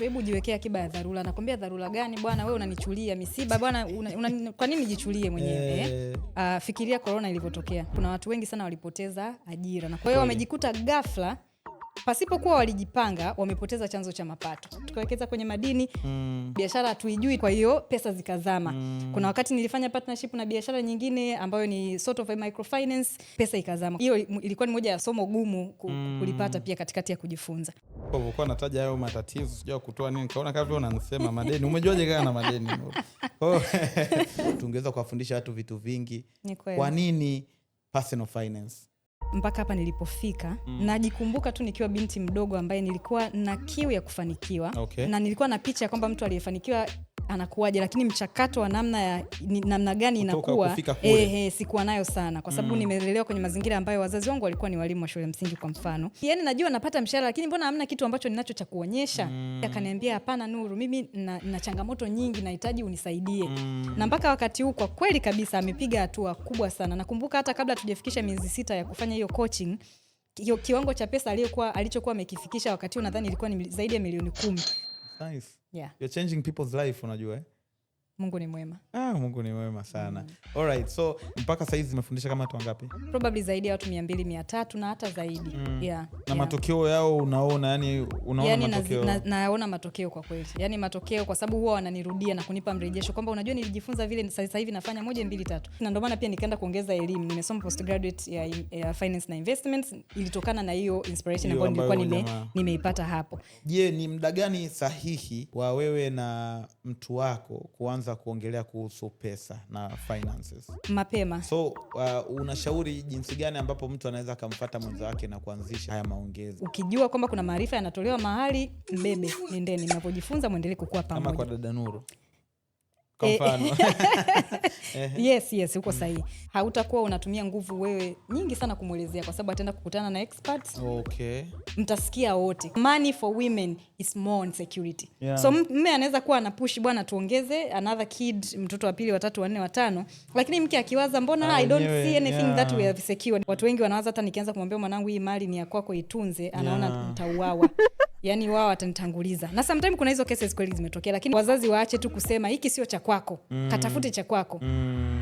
Hebu jiwekea akiba ya dharura. Nakwambia dharura gani bwana? wee unanichulia misiba bwana, kwa nini jichulie mwenyewe? Eh? Eh. Ah, fikiria korona ilivyotokea, kuna watu wengi sana walipoteza ajira, na kwa hiyo wamejikuta gafla pasipokuwa walijipanga, wamepoteza chanzo cha mapato. Tukawekeza kwenye madini mm. biashara hatuijui, kwa hiyo pesa zikazama mm. kuna wakati nilifanya partnership na biashara nyingine ambayo ni sort of a microfinance, pesa ikazama. Hiyo ilikuwa ni moja ya somo gumu mm. kulipata pia katikati ya kujifunza. Ulikuwa nataja hayo matatizo, sijua kutoa nini, kaona kama vile unasema madeni. Umejuaje kama na madeni? Oh. Tungeweza kuwafundisha watu vitu vingi. Kwa nini personal finance mpaka hapa nilipofika mm. Najikumbuka tu nikiwa binti mdogo ambaye nilikuwa na kiu ya kufanikiwa okay. Na nilikuwa na picha ya kwamba mtu aliyefanikiwa anakuwaje, lakini mchakato wa namna ya namna gani inakuwa eh, eh, sikuwa nayo sana kwa sababu mm. nimelelewa kwenye mazingira ambayo wazazi wangu walikuwa ni walimu wa shule msingi kwa mfano. yani najua napata mshahara, lakini mbona hamna kitu ambacho ninacho cha kuonyesha? mm. Akaniambia hapana, Nuru, mimi na, na changamoto nyingi, nahitaji unisaidie. mm. na mpaka wakati huu kwa kweli kabisa amepiga hatua kubwa sana. Nakumbuka hata kabla tujafikisha miezi sita ya kufanya hiyo coaching kiwango cha pesa aliyokuwa alichokuwa amekifikisha wakati huu nadhani ilikuwa ni zaidi ya milioni kumi. nice. Yeah. You're changing people's life unajua eh? Mungu ni mwema. Ah, Mungu ni mwema sana. Mm. Alright, so mpaka saizi zimefundisha kama watu wangapi? Probably zaidi ya watu 200, 300 na hata zaidi. Mm. Yeah. Na yeah. Matokeo yao unaona, yani unaona yani matokeo. Na, naona matokeo kwa kweli. Yani matokeo kwa sababu huwa wananirudia na kunipa mrejesho kwamba unajua nilijifunza vile sasa hivi nafanya moja mbili tatu. Na ndio maana pia nikaenda kuongeza elimu. Nimesoma postgraduate ya, ya finance na investments ilitokana na hiyo inspiration ambayo nilikuwa nime, nimeipata hapo. Je, ni mda gani sahihi wa wewe na mtu wako kuanza tumeanza kuongelea kuhusu pesa na finances mapema. So uh, unashauri jinsi gani ambapo mtu anaweza akamfata mwenza wake na kuanzisha haya maongezi, ukijua kwamba kuna maarifa yanatolewa mahali mbebe? Nendeni, mnapojifunza mwendelee kukua pamoja, kama kwa dada Nuru. Eh, yes, yes, uko sahihi. Hautakuwa unatumia nguvu wewe nyingi sana kumwelezea, kwa sababu ataenda kukutana na experts. Okay, mtasikia wote, money for women is more security Yeah. So mme anaweza kuwa anapush, bwana, tuongeze another kid, mtoto wa pili, watatu, wanne, watano, lakini mke akiwaza, mbona ah, I don't see anything yeah, that we have secured Watu wengi wanawaza, hata nikianza kumwambia mwanangu, hii mali ni ya kwako, itunze, anaona yeah, nitauawa yani wao watanitanguliza. Na sometimes kuna hizo cases kweli zimetokea, lakini wazazi waache tu kusema hiki sio cha kwako, mm. katafute cha kwako. Mm.